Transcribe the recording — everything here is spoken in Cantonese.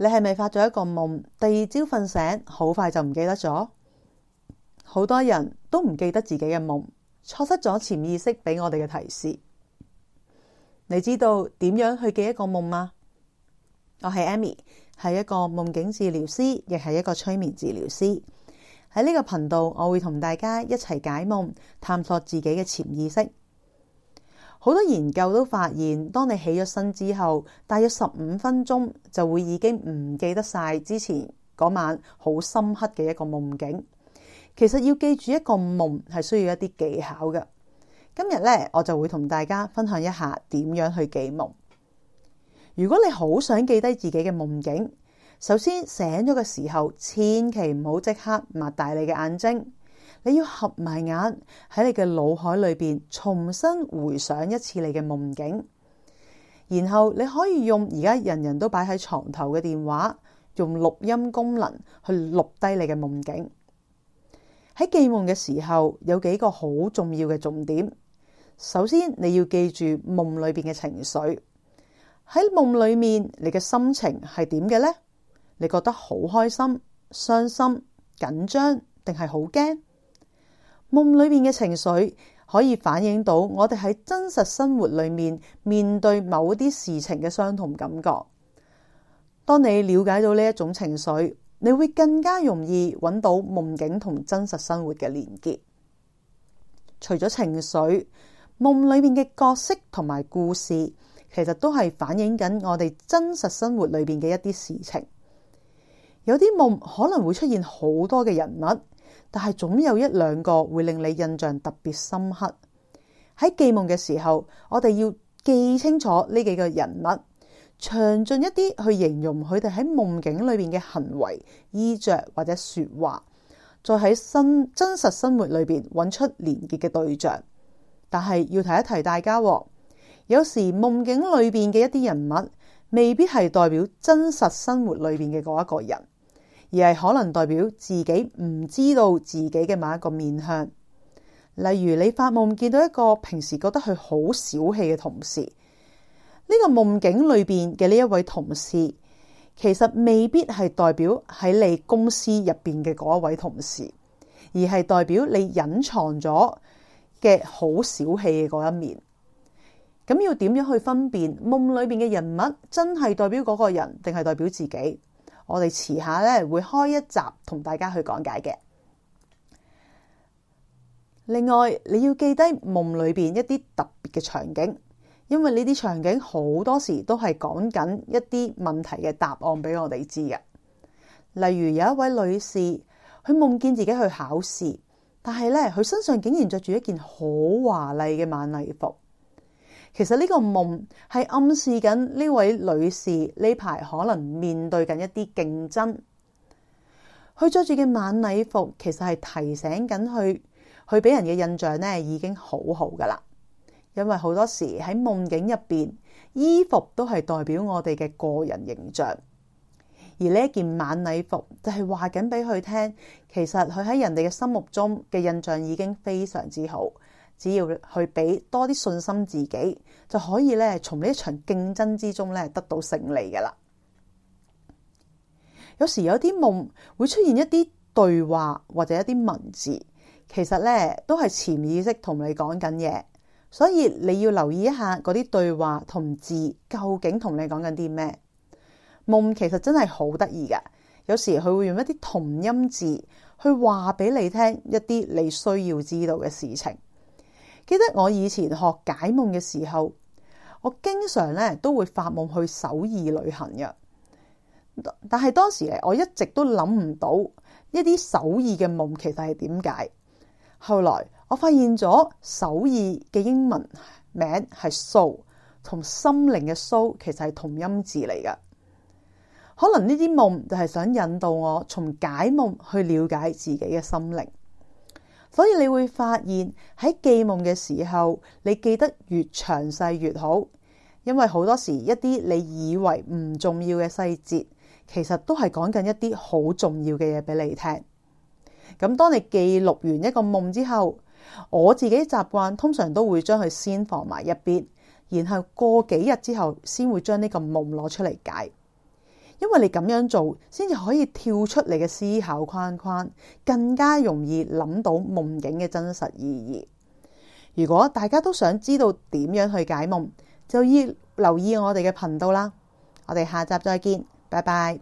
你係咪發咗一個夢？第二朝瞓醒，好快就唔記得咗。好多人都唔記得自己嘅夢，錯失咗潛意識俾我哋嘅提示。你知道點樣去記一個夢嗎、啊？我係 Amy，係一個夢境治療師，亦係一個催眠治療師。喺呢個頻道，我會同大家一齊解夢，探索自己嘅潛意識。好多研究都發現，當你起咗身之後，大約十五分鐘就會已經唔記得晒之前嗰晚好深刻嘅一個夢境，其實要記住一個夢係需要一啲技巧嘅。今日咧，我就會同大家分享一下點樣去記夢。如果你好想記低自己嘅夢境，首先醒咗嘅時候，千祈唔好即刻擘大你嘅眼睛。你要合埋眼，喺你嘅腦海裏邊重新回想一次你嘅夢境，然後你可以用而家人人都擺喺床頭嘅電話，用錄音功能去錄低你嘅夢境。喺記夢嘅時候，有幾個好重要嘅重點。首先，你要記住夢裏邊嘅情緒。喺夢裏面，你嘅心情係點嘅呢？你覺得好開心、傷心、緊張，定係好驚？夢裏面嘅情緒可以反映到我哋喺真實生活裏面面對某啲事情嘅相同感覺。當你了解到呢一種情緒，你會更加容易揾到夢境同真實生活嘅連結。除咗情緒，夢裏面嘅角色同埋故事，其實都係反映緊我哋真實生活裏面嘅一啲事情。有啲夢可能會出現好多嘅人物。但係總有一兩個會令你印象特別深刻。喺記夢嘅時候，我哋要記清楚呢幾個人物，詳盡一啲去形容佢哋喺夢境裏邊嘅行為、衣着或者說話，再喺生真實生活裏邊揾出連結嘅對象。但係要提一提大家喎，有時夢境裏邊嘅一啲人物，未必係代表真實生活裏邊嘅嗰一個人。而係可能代表自己唔知道自己嘅某一個面向，例如你發夢見到一個平時覺得佢好小氣嘅同事，呢、這個夢境裏邊嘅呢一位同事，其實未必係代表喺你公司入邊嘅嗰一位同事，而係代表你隱藏咗嘅好小氣嘅嗰一面。咁要點樣去分辨夢裏邊嘅人物真係代表嗰個人，定係代表自己？我哋遲下咧會開一集同大家去講解嘅。另外，你要記低夢裏邊一啲特別嘅場景，因為呢啲場景好多時都係講緊一啲問題嘅答案俾我哋知嘅。例如有一位女士，佢夢見自己去考試，但係咧佢身上竟然着住一件好華麗嘅晚禮服。其實呢個夢係暗示緊呢位女士呢排可能面對緊一啲競爭。佢着住嘅晚禮服其實係提醒緊佢，佢俾人嘅印象呢已經好好噶啦。因為好多時喺夢境入邊，衣服都係代表我哋嘅個人形象。而呢一件晚禮服就係話緊俾佢聽，其實佢喺人哋嘅心目中嘅印象已經非常之好。只要去俾多啲信心自己，就可以咧從呢一場競爭之中咧得到勝利噶啦。有時有啲夢會出現一啲對話或者一啲文字，其實咧都係潛意識同你講緊嘢，所以你要留意一下嗰啲對話同字究竟同你講緊啲咩夢。夢其實真係好得意噶，有時佢會用一啲同音字去話俾你聽一啲你需要知道嘅事情。記得我以前學解夢嘅時候，我經常咧都會發夢去首爾旅行嘅。但係當時咧我一直都諗唔到一啲首爾嘅夢其實係點解。後來我發現咗首爾嘅英文名係 Seoul，同心靈嘅 Soul 其實係同音字嚟嘅。可能呢啲夢就係想引導我從解夢去了解自己嘅心靈。所以你會發現，喺記夢嘅時候，你記得越詳細越好，因為好多時一啲你以為唔重要嘅細節，其實都係講緊一啲好重要嘅嘢俾你聽。咁當你記錄完一個夢之後，我自己習慣通常都會將佢先放埋一邊，然後過幾日之後先會將呢個夢攞出嚟解。因為你咁樣做，先至可以跳出你嘅思考框框，更加容易諗到夢境嘅真實意義。如果大家都想知道點樣去解夢，就要留意我哋嘅頻道啦。我哋下集再見，拜拜。